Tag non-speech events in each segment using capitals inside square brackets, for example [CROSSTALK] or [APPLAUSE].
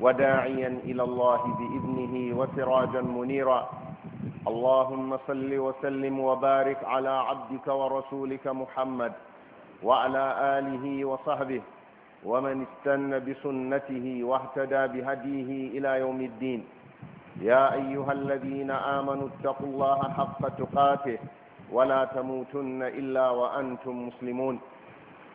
وداعيا إلى الله بإذنه وسراجا منيرا اللهم صل وسلم وبارك على عبدك ورسولك محمد وعلى آله وصحبه ومن استن بسنته واهتدى بهديه إلى يوم الدين يا أيها الذين آمنوا اتقوا الله حق تقاته ولا تموتن إلا وأنتم مسلمون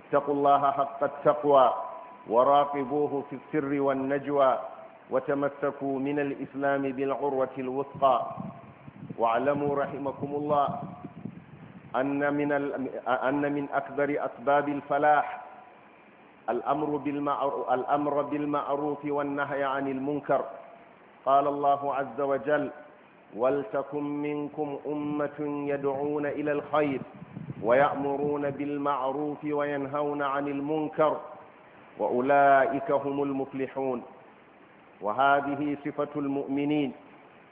اتقوا الله حق التقوى وراقبوه في السر والنجوى وتمسكوا من الإسلام بالعروة الوثقى واعلموا رحمكم الله أن من, أن من أكبر أسباب الفلاح الأمر بالمعروف والنهي عن المنكر قال الله عز وجل ولتكن منكم أمة يدعون إلى الخير ويأمرون بالمعروف وينهون عن المنكر وأولئك هم المفلحون وهذه صفة المؤمنين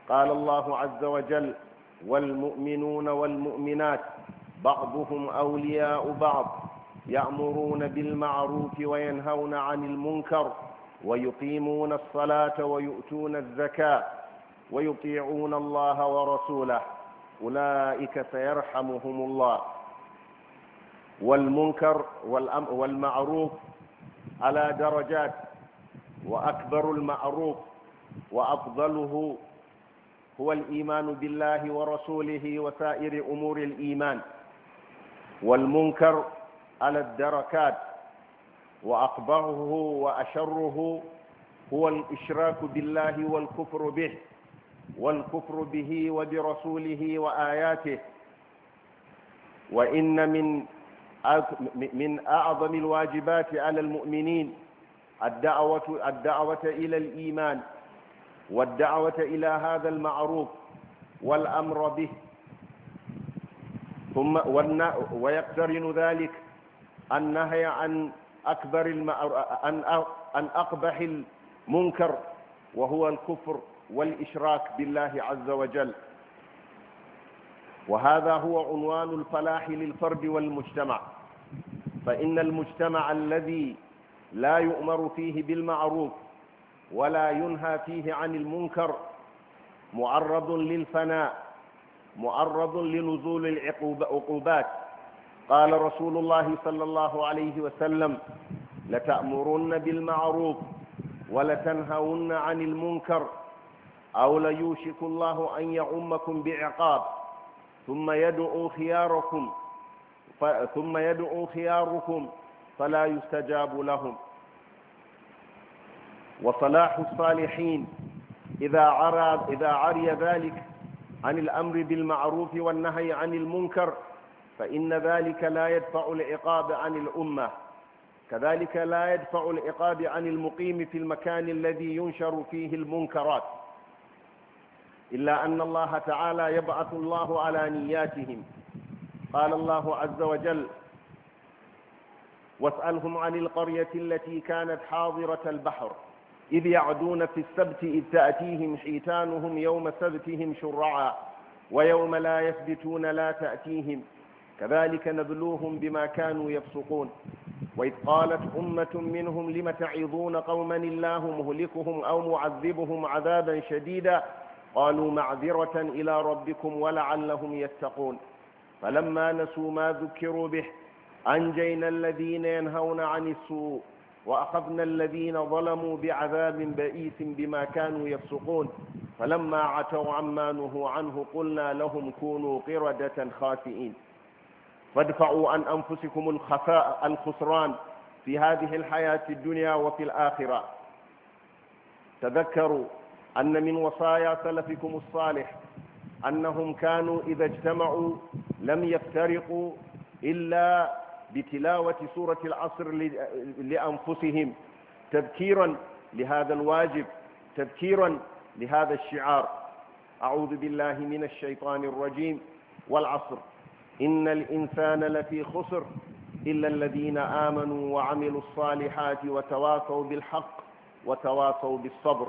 قال الله عز وجل والمؤمنون والمؤمنات بعضهم أولياء بعض يأمرون بالمعروف وينهون عن المنكر ويقيمون الصلاة ويؤتون الزكاة ويطيعون الله ورسوله أولئك سيرحمهم الله والمنكر والمعروف على درجات وأكبر المعروف وأفضله هو الإيمان بالله ورسوله وسائر أمور الإيمان والمنكر على الدركات وأقبعه وأشره هو الإشراك بالله والكفر به والكفر به وبرسوله وآياته وإن من من أعظم الواجبات على المؤمنين الدعوة, الدعوة إلى الإيمان والدعوة إلى هذا المعروف والأمر به ثم ويقترن ذلك النهي عن أكبر عن عن أقبح المنكر وهو الكفر والإشراك بالله عز وجل وهذا هو عنوان الفلاح للفرد والمجتمع فإن المجتمع الذي لا يؤمر فيه بالمعروف ولا ينهى فيه عن المنكر معرض للفناء معرض لنزول العقوبات قال رسول الله صلى الله عليه وسلم لتأمرن بالمعروف ولتنهون عن المنكر أو ليوشك الله أن يعمكم بعقاب ثم يدعو خياركم ثم يدعو خياركم فلا يستجاب لهم وصلاح الصالحين إذا عرى, إذا عري ذلك عن الأمر بالمعروف والنهي عن المنكر فإن ذلك لا يدفع العقاب عن الأمة كذلك لا يدفع العقاب عن المقيم في المكان الذي ينشر فيه المنكرات إلا أن الله تعالى يبعث الله على نياتهم قال الله عز وجل واسألهم عن القرية التي كانت حاضرة البحر إذ يعدون في السبت إذ تأتيهم حيتانهم يوم سبتهم شرعا ويوم لا يثبتون لا تأتيهم كذلك نبلوهم بما كانوا يفسقون وإذ قالت أمة منهم لم تعظون قوما الله مهلكهم أو معذبهم عذابا شديدا قالوا معذرة إلى ربكم ولعلهم يتقون فلما نسوا ما ذكروا به أنجينا الذين ينهون عن السوء وأخذنا الذين ظلموا بعذاب بئيس بما كانوا يفسقون فلما عتوا عما نهوا عنه قلنا لهم كونوا قردة خاسئين فادفعوا عن أنفسكم الخفاء الخسران في هذه الحياة الدنيا وفي الآخرة تذكروا أن من وصايا سلفكم الصالح أنهم كانوا إذا اجتمعوا لم يفترقوا إلا بتلاوة سورة العصر لأنفسهم تذكيرا لهذا الواجب تذكيرا لهذا الشعار أعوذ بالله من الشيطان الرجيم والعصر إن الإنسان لفي خسر إلا الذين آمنوا وعملوا الصالحات وتواصوا بالحق وتواصوا بالصبر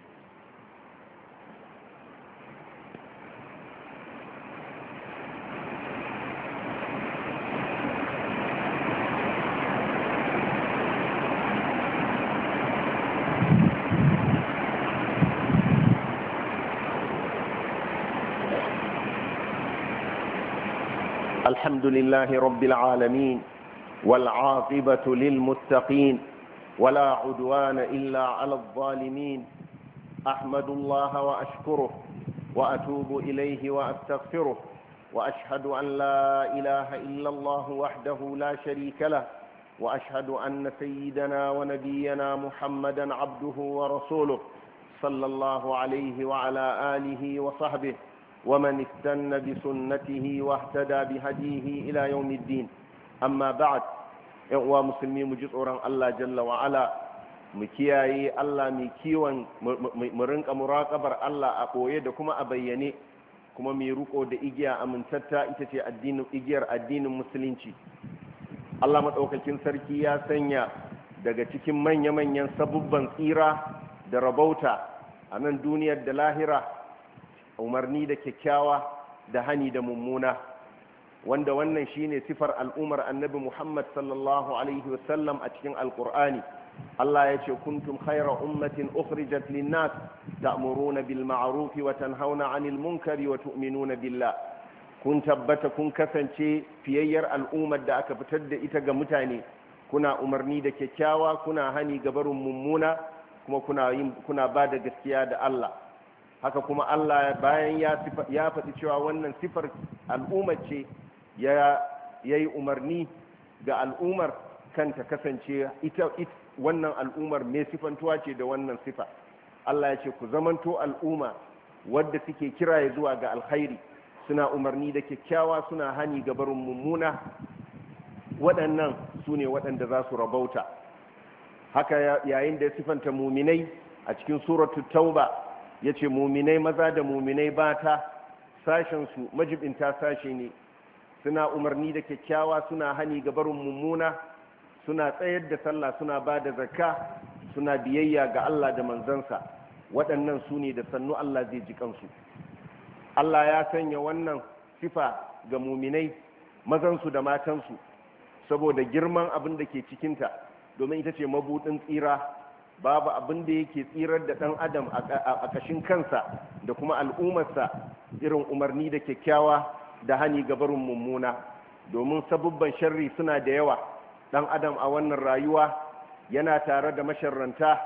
الحمد لله رب العالمين والعاقبة للمتقين ولا عدوان إلا على الظالمين أحمد الله وأشكره وأتوب إليه وأستغفره وأشهد أن لا إله إلا الله وحده لا شريك له وأشهد أن سيدنا ونبينا محمدا عبده ورسوله صلى الله عليه وعلى آله وصحبه ومن استن بسنته واهتدى بهديه إلى يوم الدين أما بعد إغوى مسلمين مجزء الله جل وعلا mu kiyaye Allah mai kiwon mu muraƙabar Allah a ɓoye da kuma a bayyane kuma mai ruko da igiya amintatta ita ce igiyar addinin musulunci Allah maɗaukakin sarki ya sanya daga cikin manya-manyan sabubban tsira da rabauta a nan duniyar da lahira umarni da kyakkyawa da hani da mummuna wanda wannan shine sifar al'umar annabi Muhammad sallallahu alaihi wasallam a cikin alkur'ani Allah ya ce kuntum khaira ummatin ukhrijat linnas ta'muruna bil ma'ruf wa tanhauna 'anil munkari wa tu'minuna billah kun tabbata kun kasance fiyayyar al'ummar da aka fitar da ita ga mutane kuna umarni da kyakkyawa kuna hani ga barin mummuna kuma kuna yin kuna ba da gaskiya da Allah haka kuma Allah bayan ya faɗi cewa wannan sifar al'ummar ce ya yi umarni ga al'ummar kanta kasance ita wannan al'ummar mai sifantuwa ce da wannan sifa Allah ya ce ku zamanto al'umma wadda suke kira zuwa ga alkhairi suna umarni da kyakkyawa suna hani ga barin mummuna waɗannan su ne waɗanda za su rabauta haka yayin da ya sifanta muminai a cikin suratul tauba ya ce muminai maza da muminai bata sashensu majibinta sashe ne suna umarni da kyakkyawa suna hani ga barin mummuna suna tsayar da sallah suna ba da zakka suna biyayya ga Allah da manzansa waɗannan su ne da sannu Allah zai ji kansu Allah ya sanya wannan sifa ga muminai mazansu da matansu saboda girman abin da ke cikinta domin ita ce mabudin tsira babu abin da yake tsirar da ɗan adam a ƙashin kansa da kuma al'ummarsa irin umarni da kyakkyawa da hani ga barin mummuna domin sabubban sharri suna da yawa ɗan adam a wannan rayuwa yana tare da masharranta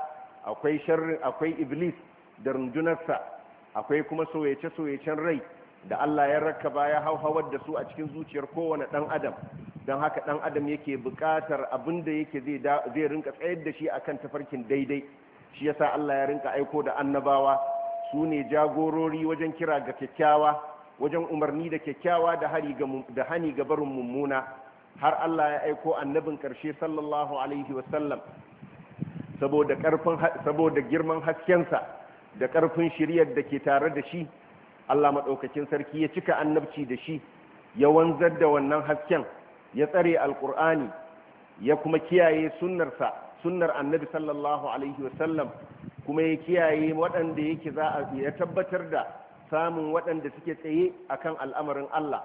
akwai sharrin akwai iblis da rundunarsa akwai kuma soyace-soyacen rai da Allah ya rakka rakaba ya hawar da su a cikin zuciyar kowane ɗan adam don haka ɗan adam yake buƙatar abin da yake zai rinka tsayar da shi akan tafarkin daidai shi yasa Allah ya rinka aiko da annabawa su ne jagorori wajen kira ga kyakkyawa wajen umarni da kyakkyawa da hani ga barin mummuna har Allah ya aiko annabin ƙarshe sallallahu alaihi wasallam saboda saboda girman haskensa da ƙarfin shiryar da ke tare da shi Allah maɗaukakin sarki ya cika annabci da shi ya wanzar da wannan hasken ya tsare alkur'ani ya kuma kiyaye sunnarsa sunnar annabi sallallahu alaihi wasallam kuma ya kiyaye waɗanda yake za a ya tabbatar da samun waɗanda suke tsaye akan al'amarin Allah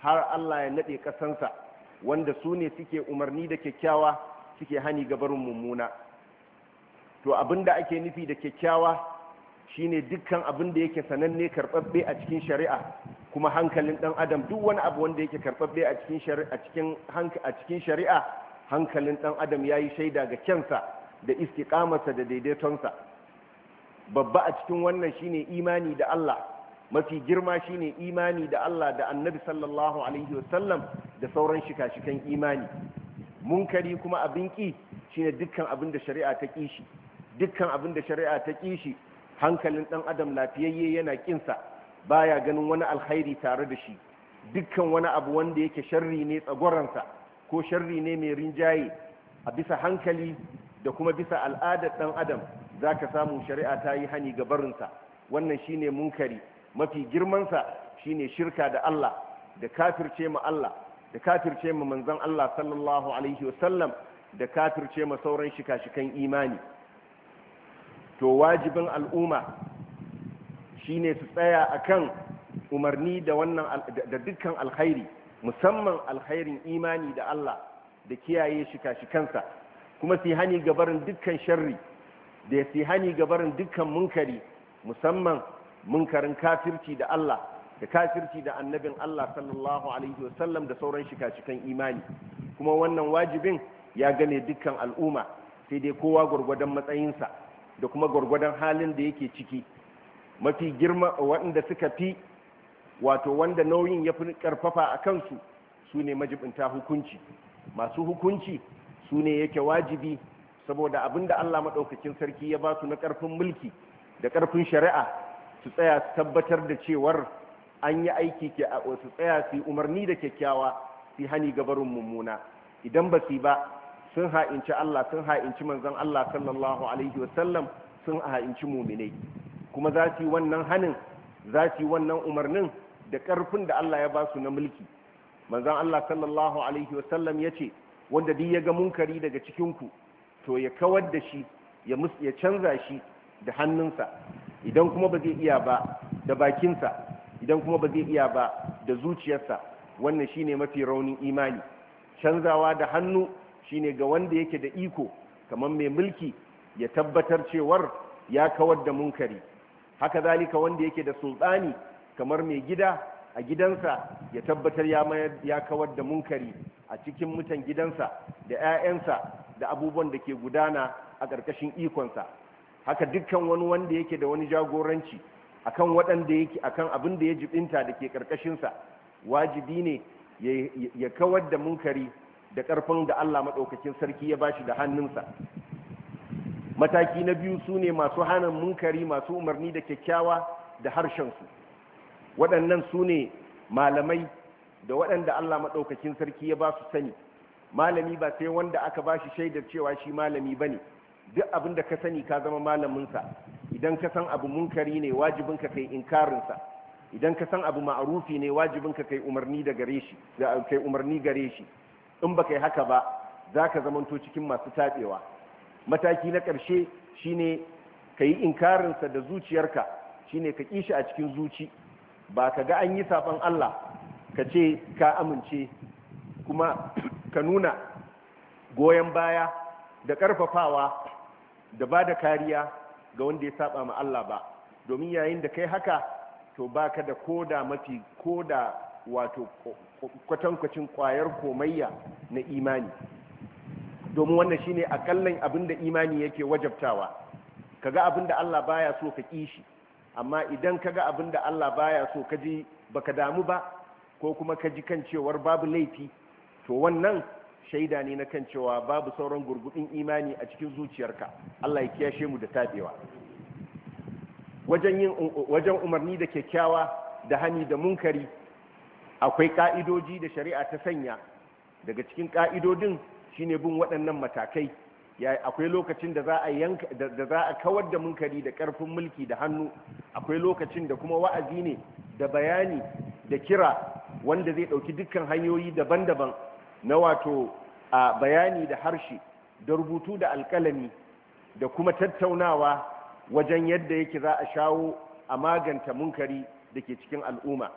har Allah ya naɗe ƙasansa wanda su ne suke umarni da kyakkyawa suke hani ga mummuna to abin da ake nufi da kyakkyawa shine dukkan abin da yake sananne karɓaɓɓe a cikin shari'a kuma hankalin ɗan adam duk wani abu wanda yake karɓaɓɓe a cikin shari'a cikin a cikin shari'a hankalin ɗan adam ya yi shaida ga kyansa da istiqamarsa da daidaitonsa babba a cikin wannan shine imani da Allah mafi girma shine imani da Allah da Annabi sallallahu alaihi wasallam da sauran shika-shikan imani munkari kuma abin ki shine dukkan abin da shari'a ta kishi dukkan abin da shari'a ta kishi hankalin ɗan adam lafiyayye yana kinsa baya ganin wani alkhairi tare da shi dukkan wani abu wanda yake sharri ne tsagoransa ko sharri ne mai rinjaye a bisa hankali da kuma bisa al'adar dan adam zaka samu shari'a ta yi hani ga barinsa wannan shine munkari mafi girmansa shine shirka da Allah da kafirce ma Allah da kafirce ma manzon Allah sallallahu alaihi wasallam da kafirce ma sauran shika-shikan imani to wajibin al'umma shine su tsaya akan umarni da wannan da dukkan alkhairi musamman alkhairin imani da Allah da kiyaye shika-shikansa kuma su hani gabarin dukkan sharri da su hani gabarin dukkan munkari musamman munkarin kafirci da Allah da kafirci da annabin Allah sallallahu alaihi wasallam da sauran shika-shikan imani kuma wannan wajibin ya gane dukkan al'umma sai dai kowa gurgurdan matsayinsa da kuma gwargwadon halin da yake ciki mafi girma wanda suka fi wato wanda nauyin ya fi karfafa a kansu su ne majibinta hukunci masu hukunci su ne yake wajibi saboda abinda Allah maɗaukakin sarki ya ba su na ƙarfin mulki da ƙarfin shari'a su tsaya su tabbatar da cewar an yi aiki ke a su tsaya su yi umarni da kyakkyawa su hani gabarin mummuna idan ba su ba sun ha'inci Allah sun ha'inci manzon Allah sallallahu alaihi wasallam sun ha'inci muminai kuma za su yi wannan hanin za su yi wannan umarnin da ƙarfin da Allah ya ba su na mulki manzan Allah sallallahu alaihi wasallam ya ce wanda duk ya ga munkari daga cikinku to ya kawar da shi ya canza shi da hannunsa idan kuma ba zai iya ba da bakinsa idan kuma ba zai iya ba da zuciyarsa wannan ne mafi raunin imani canzawa da hannu shi ne ga wanda yake da iko kamar mai mulki ya tabbatar cewar ya kawar da munkari haka zalika wanda yake da sultani kamar mai gida a gidansa ya tabbatar ya ya kawar da munkari a cikin mutan gidansa da 'ya'yansa da abubuwan da ke gudana a ƙarƙashin ikonsa haka dukkan wani wanda yake da wani jagoranci akan waɗanda yake akan abin da ya jibinta da ke ƙarƙashinsa wajibi ne ya kawar da munkari da ƙarfin da Allah maɗaukakin sarki ya bashi da hannunsa mataki na biyu su ne masu hana munkari masu umarni da kyakkyawa da harshensu waɗannan su ne malamai da waɗanda allah maɗaukakin sarki ya ba su sani malami ba sai wanda aka ba shi shaidar cewa shi malami ba ne duk abin da ka sani ka zama malaminsa idan ka san abu munkari ne wajibin ka kai inkarinsa idan ka san abu ma'arufi ne wajibin ka kai umarni da gare shi da kai umarni gare shi in ba kai haka ba za ka zamanto cikin masu taɓewa mataki na ƙarshe shine ka yi inkarinsa da zuciyarka shine ka ƙi shi a cikin zuci ba ka ga an yi safon Allah ka ce ka amince kuma [CLEARS THROAT] ka nuna goyon baya da ƙarfafawa da ba da kariya ga wanda ya saba ma Allah ba domin yayin da kai haka to ba ka da koda mafi koda wato kwatankwacin kwayar komayya na imani domin wannan shine akallan abin da imani yake wajabtawa kaga abin da Allah baya so ka kishi amma idan kaga abin da Allah baya so ka ji baka damu ba ko kuma ka ji kan cewar babu laifi to wannan shaida ne na kan cewa babu sauran gurgudin imani a cikin zuciyarka Allah ya kiyashe mu da tabewa wajen yin wajen umarni da kyakkyawa da hani da munkari akwai ka'idoji da shari'a ta sanya daga cikin ka'idodin shine bin waɗannan matakai akwai lokacin da za a yanka da za a kawar da munkari da ƙarfin mulki da hannu akwai lokacin da kuma wa'azi ne da bayani da kira wanda zai ɗauki dukkan hanyoyi daban-daban na wato a bayani da harshe da rubutu da alƙalami, da kuma tattaunawa wajen yadda yake za a shawo a maganta munkari da ke cikin al'umma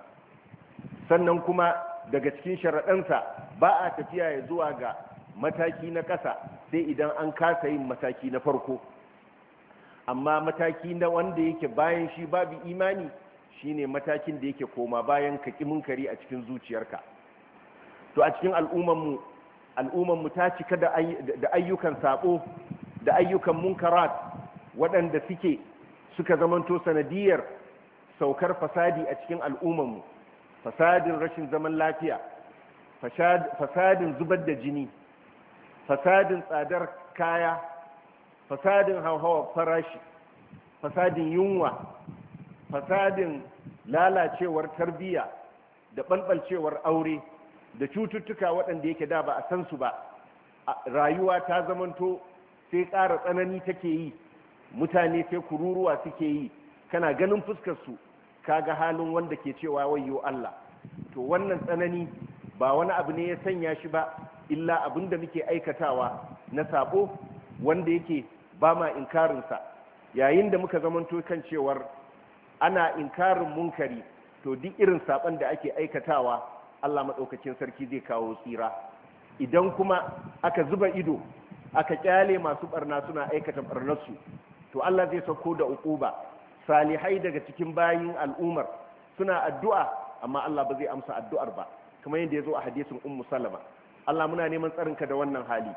sannan kuma daga cikin sharaɗansa ba a tafiya ya zuwa ga mataki na ƙasa sai idan an kasa yin mataki na farko amma mataki na wanda yake bayan shi babu imani shine matakin da yake koma bayan ka munkari a cikin zuciyarka to a cikin al'ummanmu al'ummanmu ta cika da ayyukan sabo da ayyukan munkarat waɗanda suke suka zamanto sanadiyar saukar fasadi a cikin al'ummanmu fasadin rashin zaman lafiya fasadin zubar da jini fasadin tsadar kaya fasadin hauhawar farashi fasadin yunwa fasadin lalacewar tarbiyya da ɓalɓalcewar aure da cututtuka waɗanda yake da ba a san su ba rayuwa ta zamanto sai ƙara tsanani take yi mutane sai kururuwa suke yi kana ganin fuskarsu kaga halin wanda ke cewa wayo Allah to wannan tsanani ba wani abu ne ya sanya shi ba illa abin da muke aikatawa na sabo wanda yake ba ma inkarinsa yayin da muka zamanto kan cewar ana inkarin munkari to duk irin saban da ake aikatawa Allah maɗaukacin sarki zai kawo tsira idan kuma aka zuba ido aka kyale masu barna suna aikata barnarsu to Allah zai sauko da uquba salihai daga cikin bayin al'umar suna addu'a amma Allah ba zai amsa addu'ar ba kamar yadda ya zo a hadisin ummu salama Allah muna neman tsarinka da wannan hali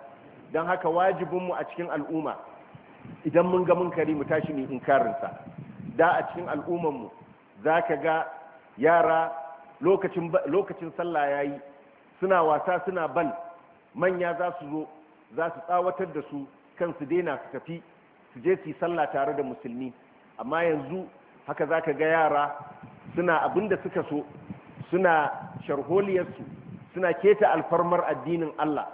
don haka wajibinmu a cikin al'umma idan mun ga munkari mu tashi in inkarinsa da a cikin al'ummanmu za ka ga yara lokacin sallah ya yi suna wasa suna ban manya za su zo za su tsawatar da su kan su daina su tafi su je su yi sallah tare da musulmi amma yanzu haka za ka ga yara suna abin da suka so suna sharholiyarsu suna keta alfarmar addinin Allah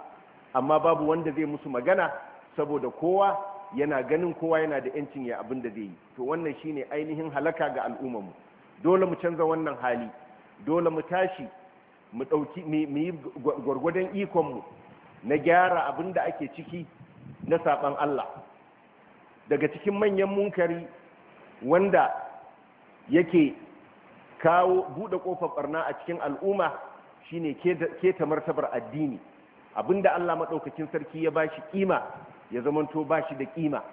amma babu wanda zai musu magana saboda kowa yana ganin kowa yana da yancin ya abin da zai yi to wannan shine ainihin halaka ga mu. dole mu canza wannan hali dole mu tashi mu dauki mu yi ikon ikonmu na gyara abin da ake ciki na saban Allah daga cikin manyan munkari wanda yake kawo buɗe ƙofar barna a cikin al'umma shine keta martabar addini abinda Allah maɗaukakin sarki ya bashi kima ya zamanto bashi da kima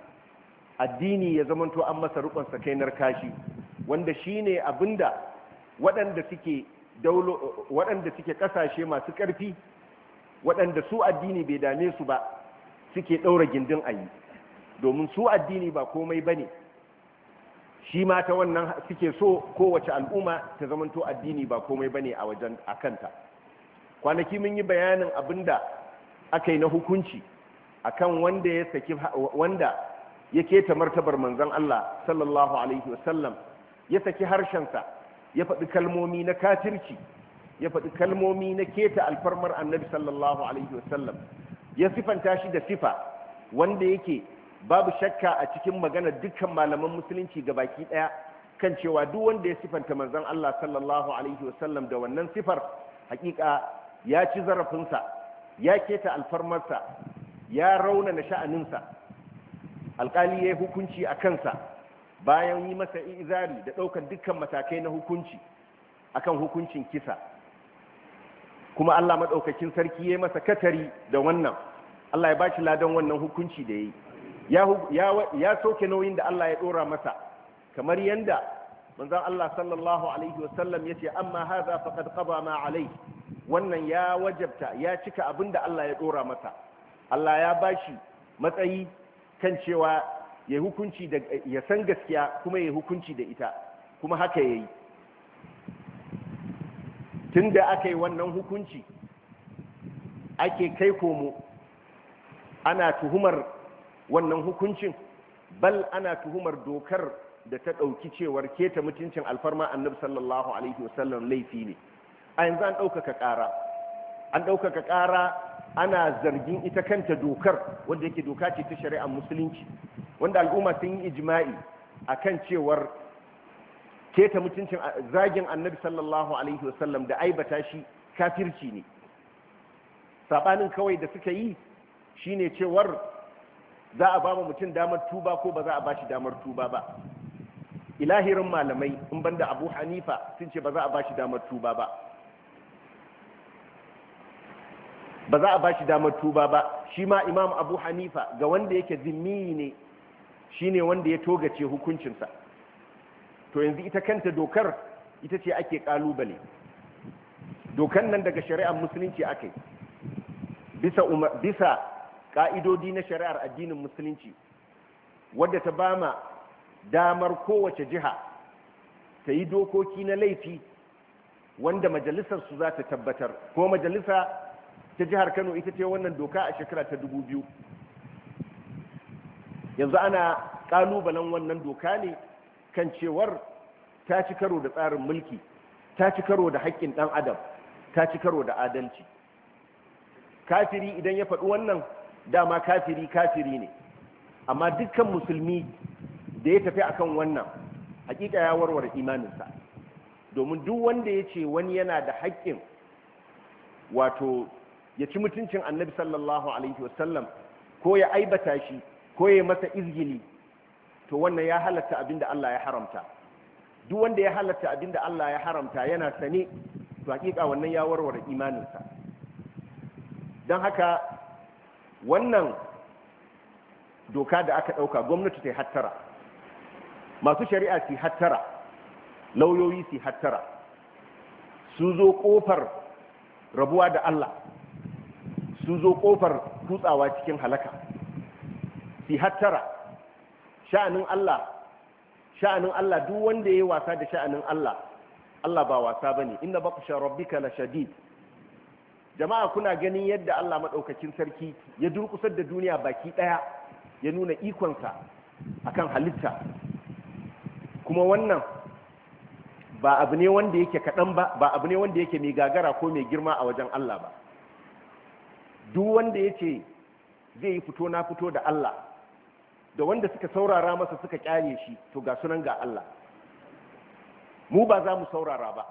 addini ya zamanto an masa rukun sakainar kashi wanda shine abinda waɗanda suke daulo waɗanda suke kasashe masu ƙarfi waɗanda su addini bai dame su ba suke ɗaura gindin ayi domin su addini ba komai bane shi ma ta wannan suke so kowace al'umma ta zamanto addini ba komai bane a wajen akanta kwanaki mun yi bayanin abinda aka yi na hukunci akan wanda ya saki wanda ya keta martabar manzon Allah sallallahu alaihi wasallam ya saki harshensa ya faɗi kalmomi na katirci ya faɗi kalmomi na keta alfarmar annabi sallallahu alaihi wasallam ya sifanta shi da sifa wanda yake babu shakka a cikin magana dukkan malaman musulunci ga baki ɗaya kan cewa duk wanda ya sifanta manzon Allah sallallahu alaihi wasallam da wannan sifar hakika ya ci zarafinsa ya keta alfarmarsa ya raunana sha'aninsa alkali ya yi hukunci a kansa bayan yi masa izari da ɗaukar dukkan matakai na hukunci akan hukuncin kisa kuma allah maɗaukakin sarki ya masa katari da wannan allah ya ba shi ladan wannan hukunci da ya yi ya soke nauyin da allah ya ɗora masa kamar yadda manzon allah sallallahu alaihi wasallam ya ce amma haza faqad qada ma alaihi wannan ya wajabta ya cika abin da Allah ya dora masa Allah ya bashi matsayi kan cewa ya hukunci da ya san gaskiya kuma ya hukunci da ita kuma haka yayi tunda aka yi wannan hukunci ake kai komo ana tuhumar wannan hukuncin bal ana tuhumar dokar da ta ɗauki cewar keta mutuncin alfarma annabi sallallahu alaihi wasallam laifi ne a yanzu an ɗaukaka ƙara an ɗaukaka ƙara ana zargin ita kanta dokar wanda yake doka ce ta shari'ar musulunci wanda al'umma sun yi ijma'i kan cewar keta mutuncin zagin annabi sallallahu alaihi wasallam da aibata shi kafirci ne sabanin kawai da suka yi shine cewar za a ba mutum damar tuba ko ba za a ba shi damar tuba ba ilahirin malamai in banda abu hanifa sun ce ba za a ba shi damar tuba ba ba za a ba shi damar tuba ba shi ma imam abu hanifa ga wanda yake zimmi ne shi ne wanda ya togace hukuncinsa to yanzu ita kanta dokar ita ce ake kalubale dokan nan daga shari'ar musulunci ake bisa bisa ka'idodi na shari'ar addinin musulunci wadda ta bama damar kowace jiha ta yi dokoki na laifi wanda majalisarsu za ta tabbatar ko majalisa ta jihar kano ita ce wannan doka a shekara ta dubu biyu yanzu ana kalubalen wannan doka ne kan cewar ta ci karo da tsarin mulki ta ci karo da haƙƙin ɗan adam ta ci karo da adalci kafiri idan ya faɗi wannan dama kafiri kafiri ne amma dukkan musulmi da ya tafi akan wannan hakika ya warware imaninsa domin duk wanda ya ce wani yana da haƙƙin wato ya ci mutuncin annabi sallallahu alaihi wasallam ko ya aibata shi ko ya masa izgili to wannan ya halatta abinda Allah ya haramta duk wanda ya halatta abinda Allah ya haramta yana sane to hakika wannan ya warware imaninsa don haka wannan doka da aka dauka gwamnati ta hattara masu shari'a su hattara lauyoyi su hattara su zo kofar rabuwa da Allah sun zo kofar tutsawa cikin halaka fi hattara sha'anin Allah sha'anin Allah duk wanda ya yi wasa da sha'anin Allah Allah ba wasa bane inna baqsha rabbika la shadid jama'a kuna ganin yadda Allah madaukakin sarki ya durkusar da duniya baki ɗaya ya nuna ikonsa akan halitta kuma wannan ba abu ne wanda yake kaɗan ba ba abu ne wanda yake mai gagara ko mai girma a wajen Allah ba duk wanda ya ce zai yi fito na fito da Allah da wanda suka saurara masa suka kyale shi to ga sunan ga Allah mu ba za mu saurara ba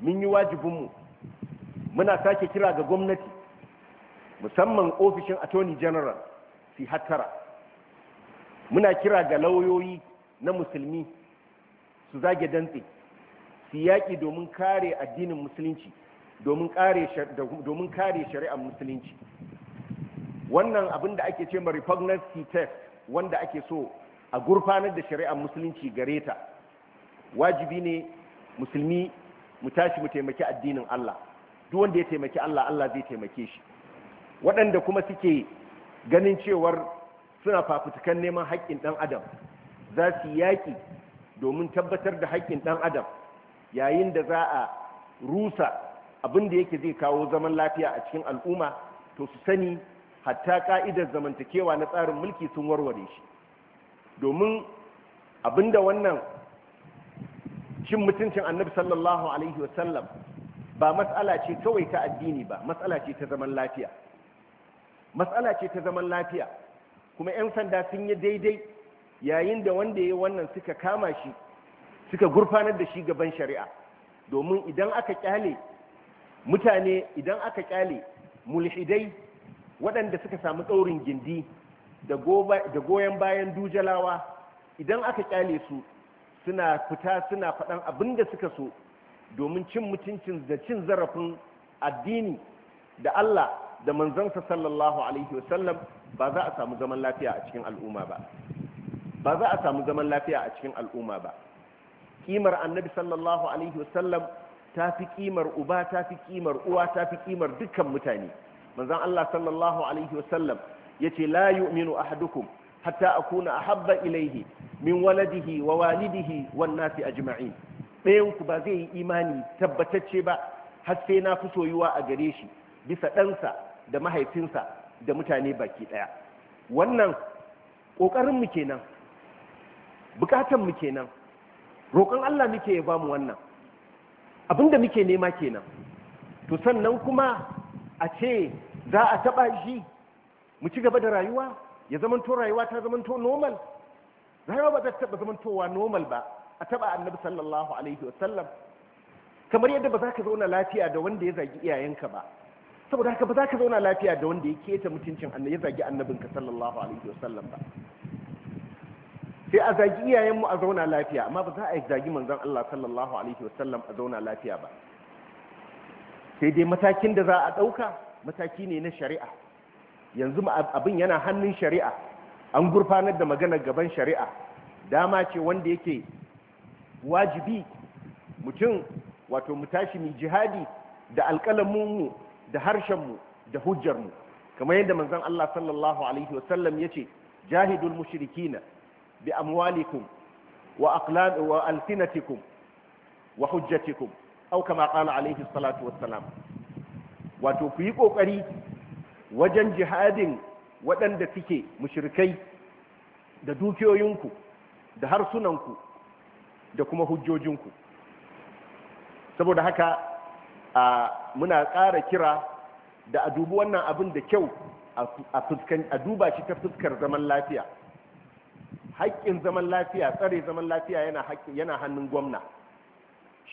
mun yi wajibinmu muna sake kira ga gwamnati musamman ofishin attorney general si hattara muna kira ga lauyoyi na musulmi su zage dantse su yaƙi domin kare addinin musulunci domin kare shari'ar musulunci wannan abin da ake ce ma repugnancy test wanda ake so a gurfanar da shari'ar musulunci gare ta wajibi ne musulmi mu tashi mu taimaki addinin Allah duk wanda ya taimaki Allah Allah zai taimake shi waɗanda kuma suke ganin cewar suna fafutukan neman haƙƙin ɗan adam za su yaƙi domin tabbatar da haƙƙin ɗan adam yayin da za a rusa abin da yake zai kawo zaman lafiya a cikin al'umma to su sani hatta ka'idar zamantakewa na tsarin mulki sun warware shi domin abin da wannan cin mutuncin annabi sallallahu alaihi wasallam ba matsala ce kawai ta addini ba matsala ce ta zaman lafiya matsala ce ta zaman lafiya kuma 'yan sanda sun yi daidai yayin da wanda ya wannan suka kama shi suka gurfanar da shi gaban shari'a domin idan aka kyale mutane idan aka kyale mulhidai waɗanda suka samu ɗaurin gindi da goyon bayan dujalawa idan aka kyale su suna fita suna faɗan abin da suka so domin cin mutuncin da cin zarafin addini da Allah da manzansa sallallahu alaihi wasallam ba za a samu zaman lafiya a cikin al'umma ba ba za a samu zaman lafiya a cikin al'umma ba kimar annabi sallallahu alaihi wasallam ta fi kimar uba ta fi kimar uwa ta fi kimar dukkan mutane manzon Allah sallallahu alaihi wasallam yace la yu'minu ahadukum hatta akuna ahabba ilaihi min waladihi wa walidihi wan nasi ajma'in ɗayan ku ba zai yi imani tabbatacce ba har sai na fi soyuwa a gare shi bisa ɗansa da mahaifinsa da mutane baki ɗaya wannan mu kenan mu kenan roƙon Allah muke ya bamu wannan abinda muke nema kenan to sannan kuma a ce za a taba shi mu ci gaba da rayuwa ya zamanto rayuwa ta zamanto normal rayuwa ba za ta taɓa zamantowa normal ba a taɓa annabi sallallahu alaihi wasallam kamar yadda ba za ka zauna lafiya da wanda ya zagi iyayenka ba saboda haka ba za ka zauna lafiya da wanda ya keta mutuncin annabi ya zagi annabinka sallallahu alaihi wasallam ba sai a zagi iyayenmu a zauna lafiya amma ba za a zagi manzan Allah sallallahu alaihi wasallam a zauna lafiya ba sai dai matakin da za a ɗauka mataki ne na shari'a yanzu abin yana hannun shari'a an gurfanar da magana gaban shari'a dama ce wanda yake wajibi mutum wato mu tashi mu jihadi da alƙalaminmu da harshenmu da hujjarmu kamar yadda manzon Allah sallallahu alaihi wasallam yace jahidul mushrikina بأموالكم وأقلام وألسنتكم وحجتكم أو كما قال عليه الصلاة والسلام وتفيقوا قري وجن جهاد ودن دفكي مشركي da dukiyoyinku da harsunanku da kuma hujjojinku saboda haka muna ƙara kira da a dubi wannan abin da kyau a duba shi ta fuskar zaman lafiya haƙƙin zaman lafiya tsare zaman lafiya yana hannun gwamna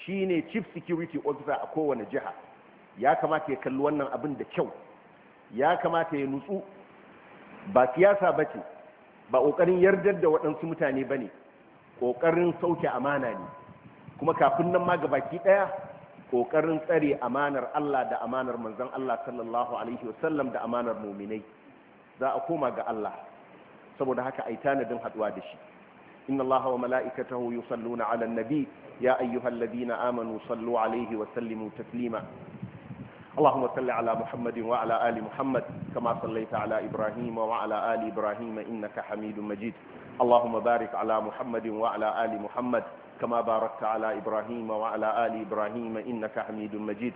shine chief security officer a kowane jiha ya kamata ya kalli wannan abin da kyau ya kamata ya nutsu ba siyasa bace ba kokarin yardar da waɗansu mutane bane kokarin sauke amana ne kuma kafin nan ma gabaki ɗaya kokarin tsare amanar Allah da amanar manzon Allah sallallahu alaihi wasallam da amanar muminai za a koma ga Allah saboda haka ai tanadin haduwa da shi inna allaha wa mala'ikatahu yusalluna 'alan nabi ya ayyuhal ayyuhalladhina amanu sallu 'alaihi wa sallimu taslima allahumma salli ala muhammadin wa ala ali muhammad kama sallaita ala ibrahim wa ala ali ibrahim innaka حميد majid اللهم بارك على محمد وعلى آل محمد كما باركت على إبراهيم وعلى آل إبراهيم إنك حميد مجيد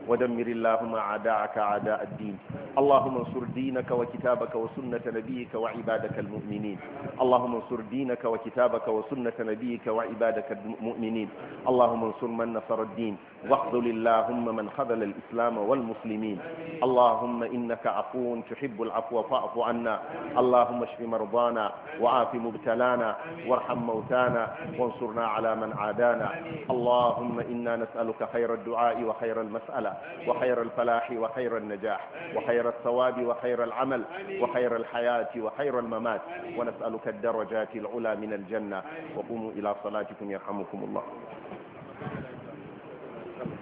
ودمر اللهم أعداءك أعداء الدين اللهم انصر دينك وكتابك وسنة نبيك وعبادك المؤمنين اللهم انصر دينك وكتابك وسنة نبيك وعبادك المؤمنين اللهم انصر من نصر الدين واخذل اللهم من خذل الإسلام والمسلمين اللهم إنك عفو تحب العفو فاعف عنا اللهم اشف مرضانا وعاف مبتلانا وارحم موتانا وانصرنا على من عادانا اللهم إنا نسألك خير الدعاء وخير المسألة وخير الفلاح وخير النجاح وخير الثواب وخير العمل وخير الحياة وخير الممات ونسألك الدرجات العلى من الجنة وقوموا إلى صلاتكم يرحمكم الله